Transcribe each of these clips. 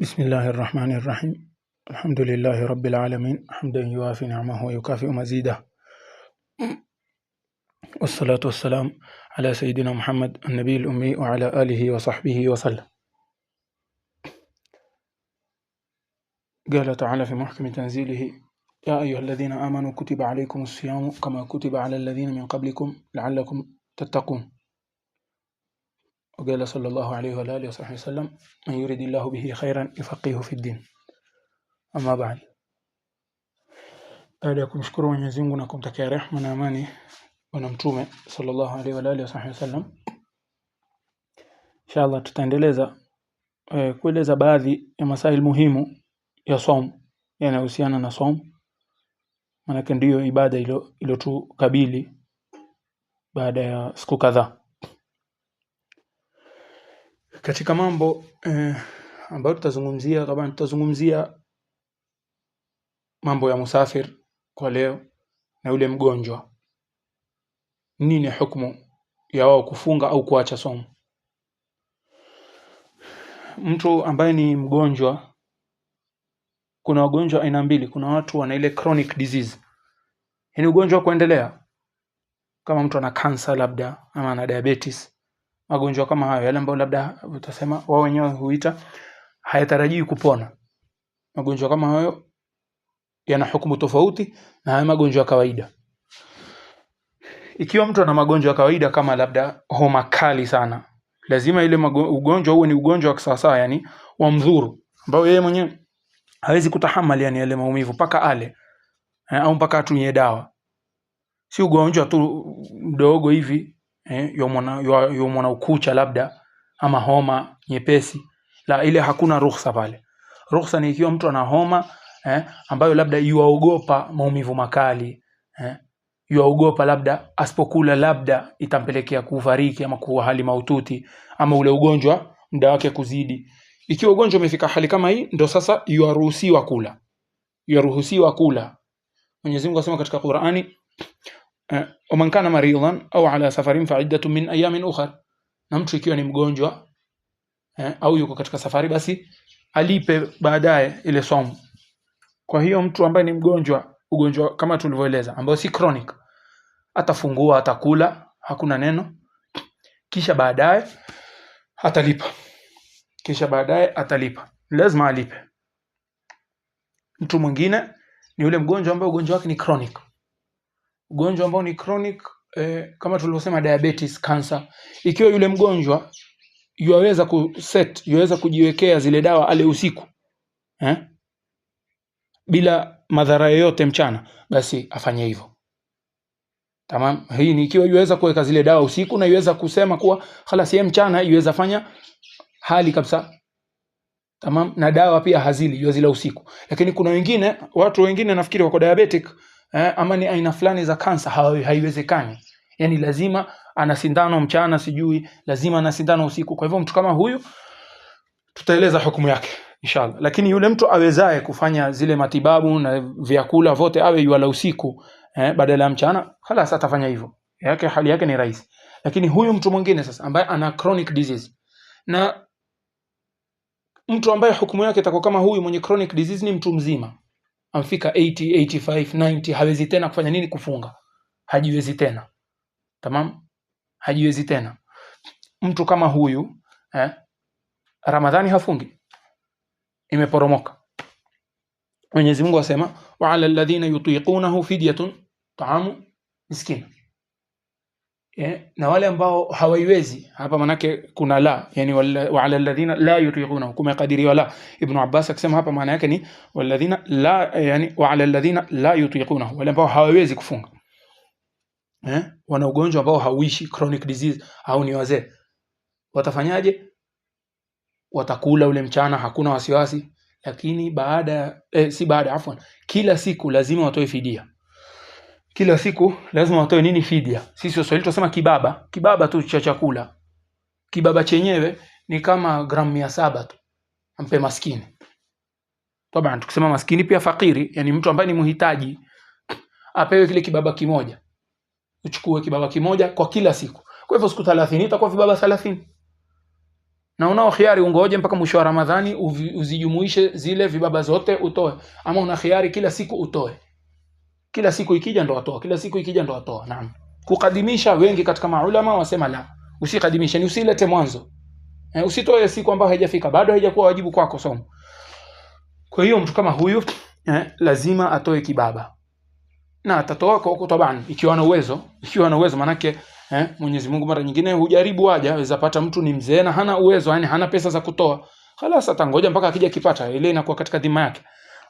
بسم الله الرحمن الرحيم الحمد لله رب العالمين حمدا يوافي نعمه ويكافئ مزيده والصلاة والسلام على سيدنا محمد النبي الأمي وعلى آله وصحبه وسلم قال تعالى في محكم تنزيله يا أيها الذين آمنوا كتب عليكم الصيام كما كتب على الذين من قبلكم لعلكم تتقون وقال صلى الله عليه وآله وصحبه وسلم من يريد الله به خيرا يفقهه في الدين أما بعد تعالى يكون شكرا من يزينكم ونكم تكاريح من أماني ونمتومة صلى الله عليه وآله وصحبه وسلم إن شاء الله تتندلزة كل إذا بعضي المسائل المهمة يا صوم يعني أوسيانا نصوم ولكن ديو إبادة إلو, إلو تو كبيلي baada ya siku kadhaa Katika mambo eh, ambayo tutazungumzia taban, tutazungumzia mambo ya musafir kwa leo na yule mgonjwa. Nini hukumu ya wao kufunga au kuacha somo? Mtu ambaye ni mgonjwa, kuna wagonjwa aina mbili. Kuna watu wana ile chronic disease, yani ugonjwa wa kuendelea, kama mtu ana kansa labda ama ana diabetes magonjwa kama hayo yale ambayo labda utasema wao wenyewe huita hayatarajii kupona magonjwa kama hayo yana hukumu tofauti na haya magonjwa ya kawaida ikiwa mtu ana magonjwa ya kawaida kama labda homa kali sana lazima ile ugonjwa huo ni ugonjwa wa kisawasawa yani wa mdhuru ambao yeye mwenyewe hawezi kutahamali yani yale maumivu mpaka ale eh, au mpaka atumie dawa si ugonjwa tu mdogo hivi eh, yomona, yomona ukucha labda ama homa nyepesi la ile hakuna ruhusa pale ruhusa ni ikiwa mtu ana homa eh, ambayo labda yuaogopa maumivu makali eh, yuaogopa labda asipokula labda itampelekea kufariki ama kuwa hali maututi ama ule ugonjwa muda wake kuzidi ikiwa ugonjwa umefika hali kama hii ndo sasa yuaruhusiwa kula yuaruhusiwa kula mwenyezi mungu asema katika qurani waman eh, kana maridhan au ala safarin faiddatun min ayamin ukhar, na mtu ikiwa ni mgonjwa eh, au yuko katika safari, basi alipe baadaye ile somu. Kwa hiyo mtu ambaye ni mgonjwa, ugonjwa kama tulivyoeleza, ambao si chronic, atafungua atakula, hakuna neno, kisha baadaye atalipa, kisha baadaye atalipa, lazima alipe. Mtu mwingine ni yule mgonjwa ambaye ugonjwa wake ni chronic ugonjwa ambao ni chronic eh, kama tulivyosema diabetes cancer. Ikiwa yule mgonjwa yuwaweza kuset yuaweza kujiwekea zile dawa ale usiku eh? bila madhara yoyote mchana, basi afanye hivyo. Tamam, hii ni ikiwa yuweza kuweka zile dawa usiku na yuweza kusema kuwa khalas yeye mchana yuweza fanya hali kabisa tamam, na dawa pia hazili yuwazila usiku. Lakini kuna wengine, watu wengine nafikiri wako diabetic eh, ama ni aina fulani za kansa haiwezekani. Yani lazima ana sindano mchana, sijui lazima ana sindano usiku. Kwa hivyo mtu kama huyu tutaeleza hukumu yake inshallah. Lakini yule mtu awezaye kufanya zile matibabu na vyakula vyote awe yuala usiku eh, badala ya mchana, halas atafanya hivyo yake, hali yake ni rahisi. Lakini huyu mtu mwingine sasa ambaye ana chronic disease na mtu ambaye hukumu yake itakuwa kama huyu mwenye chronic disease ni mtu mzima amfika 80, 85, 90 hawezi tena kufanya nini? Kufunga, hajiwezi tena. Tamam, hajiwezi tena. Mtu kama huyu eh, Ramadhani hafungi, imeporomoka. Mwenyezi Mungu asema, wa ala alladhina yutiqunahu fidyatun taamu miskina eh, na wale ambao hawaiwezi hapa, manake kuna la yani, waala alladhina la yutiquna, kumekadiriwa wala Ibn Abbas akisema hapa maana yake ni walladhina la, yani waala alladhina la yutiquna, wale ambao hawaiwezi kufunga eh, wana ugonjwa ambao hauishi, chronic disease, au ni wazee, watafanyaje? Watakula ule mchana, hakuna wasiwasi, lakini baada eh, si baada, afwan, kila siku lazima watoe fidia kila siku lazima watoe nini? Fidia. Sisi Waswahili tunasema kibaba, kibaba tu cha chakula. Kibaba chenyewe ni kama gramu mia saba tu, ampe maskini. Taban, tukisema maskini pia fakiri, yani mtu ambaye ni mhitaji apewe kile kibaba kimoja, uchukue kibaba kimoja kwa kila siku. Kwa hivyo siku 30 itakuwa vibaba 30 na unao khiari ungoje mpaka mwisho wa Ramadhani uzijumuishe zile vibaba zote utoe, ama una khiari kila siku utoe kila siku ikija ndo watoa, kila siku ikija ndo watoa. Naam, kukadimisha, wengi katika maulama wasema la, usikadimisha ni usilete mwanzo e, usitoe siku ambayo haijafika bado, haijakuwa wajibu kwako somo. Kwa hiyo mtu kama huyu eh, lazima atoe kibaba na atatoa kwa huko tabani, ikiwa na uwezo, ikiwa na uwezo manake eh, Mwenyezi Mungu mara nyingine hujaribu waja, aweza pata mtu ni mzee na hana uwezo, yani hana pesa za kutoa, halasa atangoja mpaka akija kipata, ile inakuwa katika dhima yake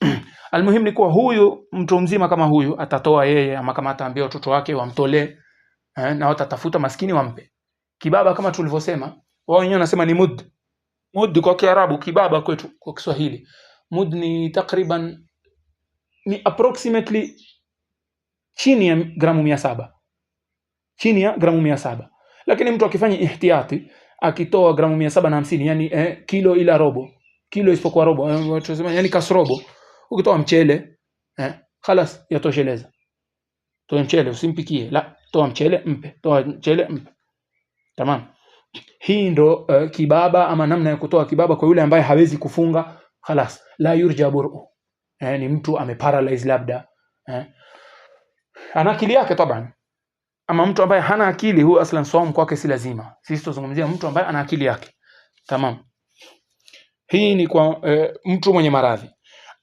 Almuhimu ni kuwa huyu mtu mzima kama huyu atatoa yeye, ama kama ataambia watoto wake wamtolee eh, na watatafuta maskini wampe. Kibaba kama tulivyosema, wao wenyewe wanasema ni mud. Mud kwa Kiarabu, kibaba kwetu kwa Kiswahili. Mud ni takriban ni approximately chini ya gramu mia saba chini ya gramu mia saba lakini mtu akifanya ihtiyati akitoa gramu mia saba na hamsini yani eh, kilo ila robo kilo isipokuwa robo eh, yani kasrobo Ukitoa mchele eh, khalas yatosheleza. Toa mchele usimpikie, la, toa mchele mpe, toa mchele mpe. Tamam. Hii ndo uh, kibaba ama namna ya kutoa kibaba kwa yule ambaye hawezi kufunga, khalas la yurja bur'u. Eh, ni mtu ameparalyze labda eh. Ana akili yake taban. Ama mtu ambaye hana akili, huyu aslan saum kwake si lazima. Sisi tuzungumzia mtu ambaye ana akili yake. Tamam. Hii ni kwa eh, mtu mwenye maradhi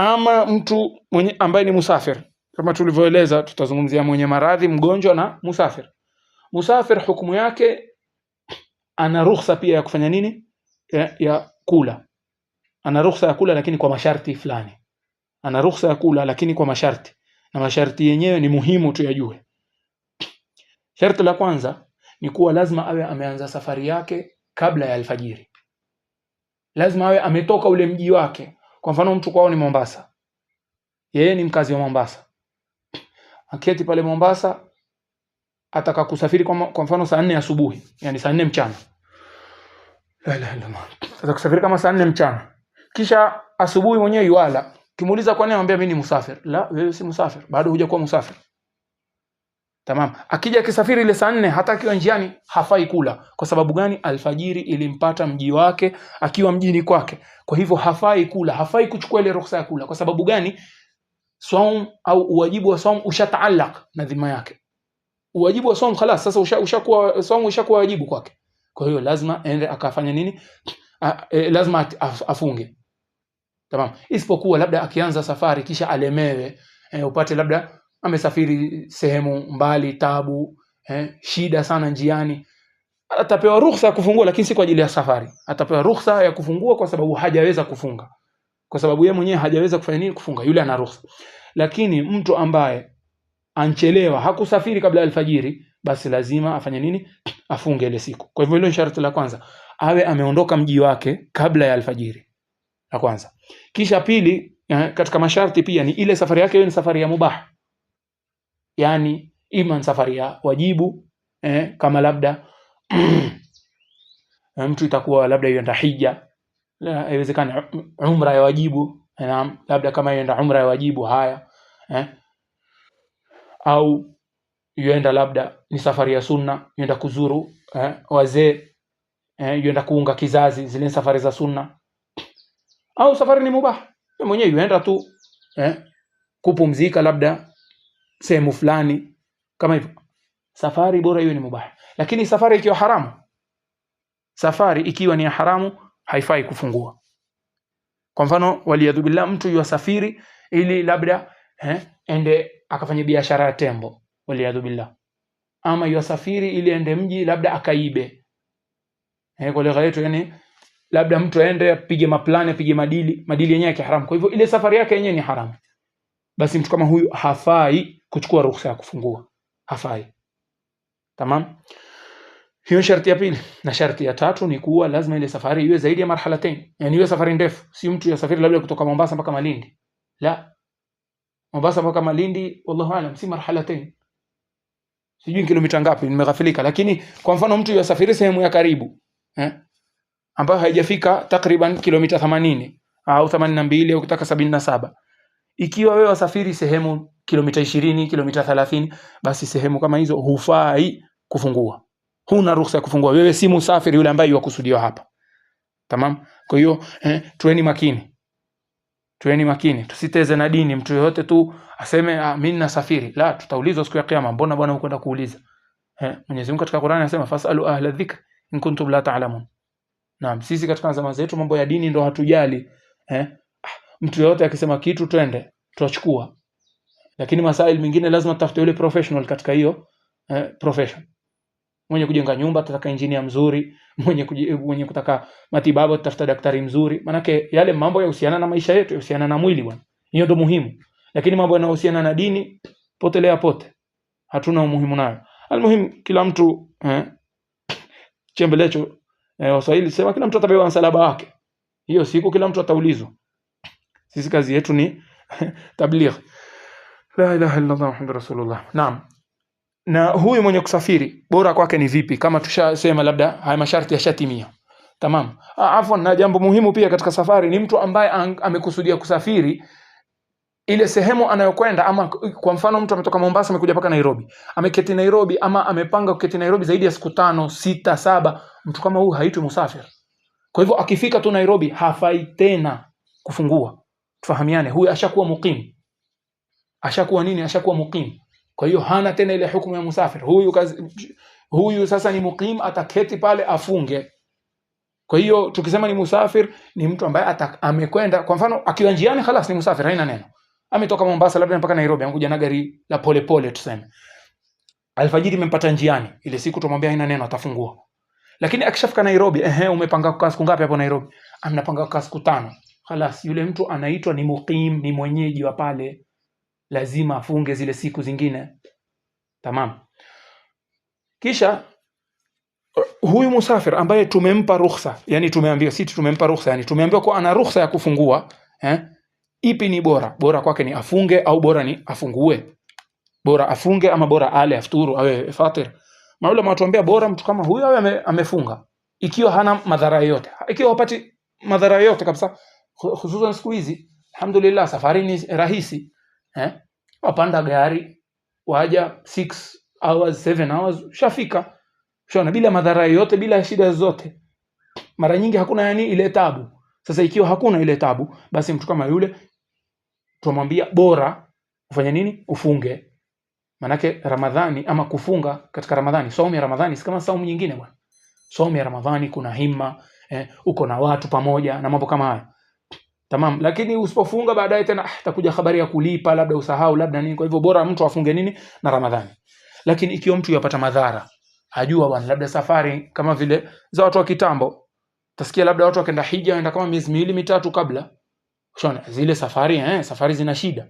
ama mtu mwenye ambaye ni musafir. Kama tulivyoeleza, tutazungumzia mwenye maradhi, mgonjwa na musafir. Musafir hukumu yake ana ruhusa pia ya kufanya nini? Ya, ya kula. Ana ruhusa ya kula, lakini kwa masharti fulani. Ana ruhusa ya kula, lakini kwa masharti, na masharti yenyewe ni muhimu tuyajue. Sharti la kwanza ni kuwa lazima awe ameanza safari yake kabla ya alfajiri, lazima awe ametoka ule mji wake kwa mfano mtu kwao ni Mombasa, yeye ni mkazi wa Mombasa, aketi pale Mombasa, ataka kusafiri kwa, kwa mfano saa nne asubuhi, yani saa nne mchana, la ataka kusafiri kama saa nne mchana, kisha asubuhi mwenyewe yuala. Kimuuliza kwa nini, anambia mimi ni musafir. La, wewe si musafir, bado hujakuwa musafir. Tamam. Akija akisafiri ile saa nne hata akiwa njiani hafai kula. Kwa sababu gani? Alfajiri ilimpata mji wake akiwa mjini kwake. Kwa hivyo hafai kula, hafai kuchukua ile ruhusa ya kula. Kwa sababu gani? Saum au uwajibu wa saum ushataallaq na dhima yake. Uwajibu wa saum khalas, sasa ushakuwa saum ushakuwa wajibu kwake. Kwa hiyo lazima ende akafanya nini? A, e, lazima af, afunge. Tamam. Isipokuwa labda akianza safari kisha alemewe, e, upate labda amesafiri sehemu mbali, tabu eh, shida sana njiani, atapewa ruhusa ya kufungua, lakini si kwa ajili ya safari. Atapewa ruhusa ya kufungua kwa sababu hajaweza kufunga, kwa sababu yeye mwenyewe hajaweza kufanya nini, kufunga. Yule ana ruhusa. Lakini mtu ambaye anchelewa, hakusafiri kabla alfajiri, basi lazima afanye nini? Afunge ile siku. Kwa hivyo hilo ni sharti la kwanza, awe ameondoka mji wake kabla ya alfajiri, la kwanza. Kisha pili, eh, katika masharti pia ni ile safari yake iwe ni safari ya mubaha yani ima safari ya wajibu eh, kama labda mtu itakuwa labda yuenda hija, haiwezekani umra ya wajibu na, labda kama yuenda umra ya wajibu haya eh, au yuenda labda ni safari ya sunna, yenda kuzuru eh, wazee eh, yenda kuunga kizazi, zile safari za sunna, au safari ni mubah mwenyewe yenda tu eh, kupumzika labda sehemu fulani kama hivyo, safari bora hiyo ni mubaha. Lakini safari ikiwa haramu, safari ikiwa ni ya haramu haifai kufungua. Kwa mfano, waliyadhu billah, mtu yuasafiri ili labda eh, ende akafanya biashara ya tembo, waliyadhu billah, ama yuasafiri ili ende mji labda akaibe. Eh, kwa lugha yetu yani labda mtu aende apige maplani apige madili, madili yenyewe yake haramu. Kwa hivyo ile safari yake yenyewe ni haramu, basi mtu kama huyu hafai kuchukua ruhusa ya kufungua, hafai. Tamam, hiyo sharti ya pili. Na sharti ya tatu ni kuwa lazima ile safari iwe zaidi ya marhalatain, yani iwe safari ndefu, si mtu ya safari labda kutoka Mombasa mpaka Malindi, la Mombasa mpaka Malindi, wallahu alam, si marhalatain sijui kilomita ngapi, nimeghafilika. Lakini kwa mfano mtu yasafiri sehemu ya karibu eh, ambayo haijafika takriban kilomita 80 au 82 au kitaka 77, ikiwa wewe wasafiri sehemu kilomita ishirini, kilomita thelathini, basi sehemu kama hizo hufai kufungua, huna ruhusa ya kufungua. Wewe si msafiri yule ambaye yukusudiwa hapa, tamam. Kwa hiyo eh, tueni makini, tueni makini, tusiteze na dini. Mtu yoyote tu aseme ah, mimi nasafiri, la, tutaulizwa siku ya Kiyama. Mbona bwana ukwenda kuuliza eh? Mwenyezi Mungu katika Qur'ani anasema fasalu ahla dhikr in kuntum la ta'lamun. Naam, sisi katika zama zetu mambo ya dini ndo hatujali eh? Mtu yoyote akisema kitu twende, tutachukua lakini masail mengine lazima tafute yule professional katika hiyo eh, profession mwenye kujenga nyumba tutaka engineer mzuri, mwenye kujie, mwenye kutaka matibabu tutafuta daktari mzuri. Manake yale mambo yahusiana na maisha yetu, yahusiana na mwili bwana, hiyo ndio muhimu. Lakini mambo yanayohusiana na dini potelea pote, hatuna umuhimu nayo. Almuhimu kila mtu eh, chembelecho eh, Waswahili sema kila mtu atapewa msalaba wake. Hiyo siku kila mtu ataulizwa. Sisi kazi yetu ni tabligh. La ilaha illallah muhammadur rasulullah. Naam. Na huyu mwenye kusafiri bora kwake ni vipi? Kama tushasema labda haya masharti yashatimia. Tamam. Afwan, na jambo muhimu pia katika safari ni mtu ambaye amekusudia kusafiri ile sehemu anayokwenda ama kwa mfano mtu ametoka Mombasa amekuja paka Nairobi. Ameketi Nairobi ama amepanga kuketi Nairobi zaidi ya siku tano, sita, saba. Mtu kama huyu haitwi musafir. Kwa hivyo akifika tu Nairobi hafai tena kufungua. Tufahamiane, huyu ashakuwa mukim ashakuwa nini? Ashakuwa muqim. Kwa hiyo hana tena ile hukumu ya musafir. Huyu kazi, huyu sasa ni muqim, ataketi pale afunge. Kwa hiyo tukisema ni musafir ni mtu ambaye amekwenda, kwa mfano akiwa njiani, khalas ni musafir, haina neno. Ametoka Mombasa labda mpaka Nairobi, amekuja na gari la pole pole tuseme. Alfajiri imempata njiani, ile siku tumwambia haina neno, atafungua. Lakini akishafika Nairobi, ehe, umepanga kukaa siku ngapi hapo Nairobi? Amnapanga kukaa siku tano. Khalas yule mtu anaitwa ni muqim, ni mwenyeji wa pale lazima afunge zile siku zingine tamam kisha huyu musafir ambaye tumempa ruhusa yani tumeambiwa sisi tumempa ruhusa yani tumeambiwa kwa ana ruhusa ya kufungua eh? ipi ni bora bora kwake ni afunge au bora ni afungue bora afunge ama bora ale afturu awe fatir maula matuambia bora mtu kama huyu awe ame, amefunga ikiwa hana madhara yote ikiwa hapati madhara yote kabisa hususan siku hizi alhamdulillah safari ni rahisi eh? wapanda gari waja six hours, seven hours, ushafika ushaona, bila madhara yoyote, bila shida zote. Mara nyingi hakuna yani ile tabu. Sasa ikiwa hakuna ile tabu, basi mtu kama yule tunamwambia bora ufanye nini? Ufunge. Manake Ramadhani ama kufunga katika Ramadhani, saumu ya Ramadhani si kama saumu nyingine bwana. Saumu ya Ramadhani kuna himma eh, uko na watu pamoja na mambo kama hayo. Tamam, lakini usipofunga baadaye tena ah, takuja habari ya kulipa, labda usahau, labda nini. Kwa hivyo bora mtu afunge nini na Ramadhani. Lakini ikiwa mtu yapata madhara, ajua bwana, labda safari kama vile za watu wa kitambo, tasikia labda watu wakaenda hija, waenda kama miezi miwili mitatu kabla, unaona zile safari eh, safari zina shida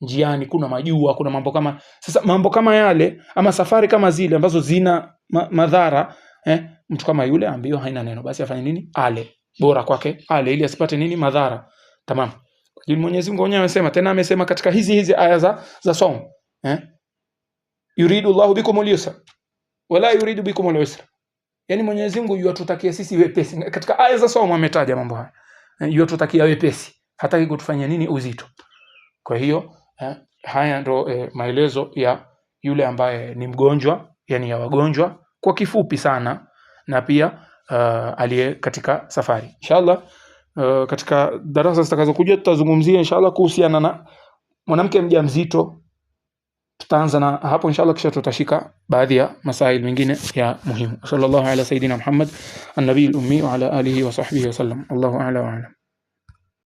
njiani, kuna majua, kuna mambo kama sasa, mambo kama yale ama safari kama zile ambazo zina ma madhara eh, mtu kama yule ambio haina neno, basi afanye nini? Ale bora kwake ale ili asipate nini madhara tamam kwa ajili Mwenyezi Mungu mwenyewe amesema tena amesema katika hizi hizi aya za za saum eh yuridu Allahu bikum al-yusra wala yuridu bikum al-usra yani Mwenyezi Mungu yuatutakia sisi wepesi katika aya za saum ametaja mambo haya eh, yuatutakia wepesi hataki kutufanyia nini uzito kwa hiyo eh, haya ndo eh, maelezo ya yule ambaye ni mgonjwa yani ya wagonjwa kwa kifupi sana na pia uh, aliye katika safari. Inshallah uh, katika darasa zitakazokuja tutazungumzia inshallah kuhusiana na mwanamke mjamzito. Tutaanza na hapo inshallah, kisha tutashika baadhi ya masail mengine ya muhimu. Sallallahu ala sayidina Muhammad an-nabiyil ummi wa ala alihi wa sahbihi sallam. Allahu a'la wa a'lam.